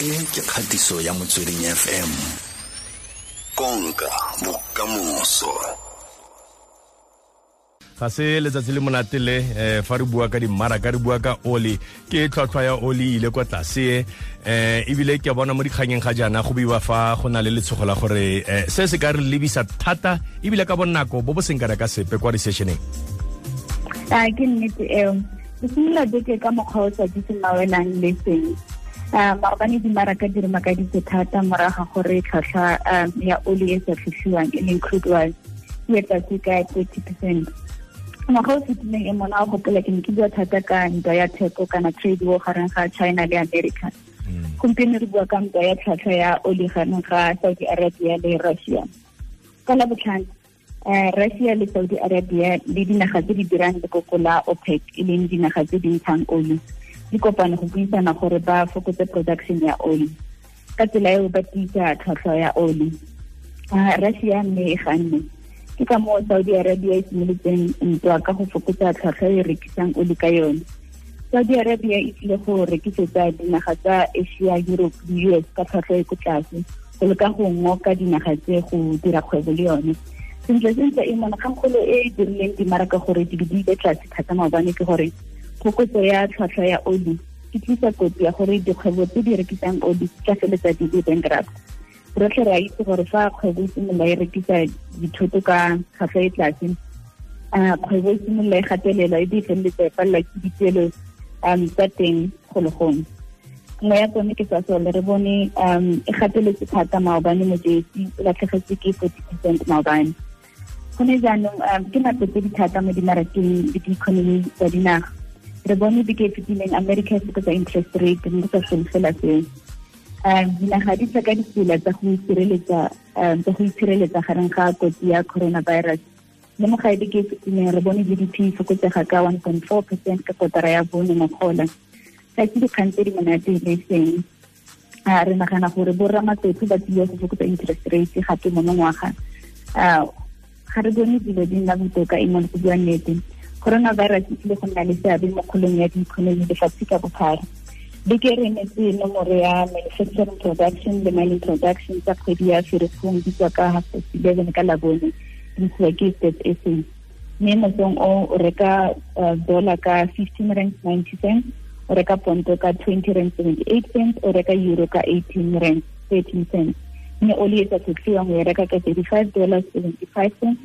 e ke kgatiso ya motsweding fm konka bokamoso ga se letsatsi le monatele um eh, fa re bua ka dimmaraka re bua ka oli ke tlhwatlhwa ya oli e ile kwa tlase eh ebile ke bona mo dikganyeng ga jaana go biwa fa go na le letshogo la gore eh, se se ka re lebisa thata ebile ka bonako bo bo seng kana ka sepe kwa recessioneng a ke nnete eo ke simolola beke ka mokgwa o sa se mawenang le seng maobane eh, dimaraka di re thata moraga gore tlhotlhwa eh, ya oli e sa tlhotlhiwang e leng crude oil e etsatse ka thirty percent ngwaga o fetileng e mona o gopola ke ne ke bua thata ka ntwa ya theko kana trade wo gareng ga china le america mm. gompieno re bua ka ntwa ya tlhwatlhwa ya oli gareng ga saudi arabia le russia ka la botlhano um russia le saudi arabia le dinaga tse di dirang lekoko la opec e leng dinaga tse di ntshang oli dikopane go buisana gore ba fokotse production ya oli ka tsela eo ba tiisa tlhwatlhwa ya oli russia mme e ganne ke ka moo saudi arabia e simolotseng ntwa ka go fokotsa tlhwatlhwa e, e rekisang oli ka yone saudi arabia e tlile go rekisetsa dinaga tsa asia europe le us ka tlhwatlhwa e ko tlase go leka go ngoka dinaga tse go dira kgwebo le yone sentle sentle e monagangkgolo e e dirileng dimaraka gore di be tlase thata maobane ke gore phokotso ya tlhwatlhwa ya oli e tlisa kotsi ya gore dikgwebo tse di rekisang oli ka feletsa di le bankrupt rotlhe re a itse gore fa kgwebo e simolola e rekisa dithoto ka tlhwatlhwa e tlase kgwebo e simolola e gatelelwa e di feleletsa e palelwa ke dituelo um tsa teng go le gongwe nngwe ya tsone ke sa sole re bone um e gateletse thata maobane mojesi e latlhegetse ke forty percent maobane gone jaanong um ke nako tse di thata mo dimarakeng le di-economy tsa dinaga re bone beke e fetileng america e fokotsa interest rate mme sa seng fela seo um dinaga di tlhoka ditsela tsa go itshireletsa um tsa go itshireletsa gareng ga kotsi ya coronavirus le mo gae beke e fetileng re bone gdp e fokotsega ka one point four percent ka kotara ya bone mokgola ga ke dikgang tse di monate le e seng a re nagana gore borramatsetso ba tlile go fokotsa interest rate gape mo mongwaga ga re bone dilo di nna botoka e mo le go bua nnete coronavirus e tlile go nna le seabe mo kgolong ya diikonomi lefatshe ka bophara beke re netse nomoro ya manufacturing production le mining production tsa kgwedi ya ferefong di tswa ka half past eleven ka labone di isiwa ke state sa mme mosong o o reka dollar ka fifteen rand ninety cents o reka ponto ka twenty rand seventy eight cents o reka euro ka eighteen rand thirteen cents mme oli e tsa tlhotlhiwang o e reka ka thirty five dollars seventy five cents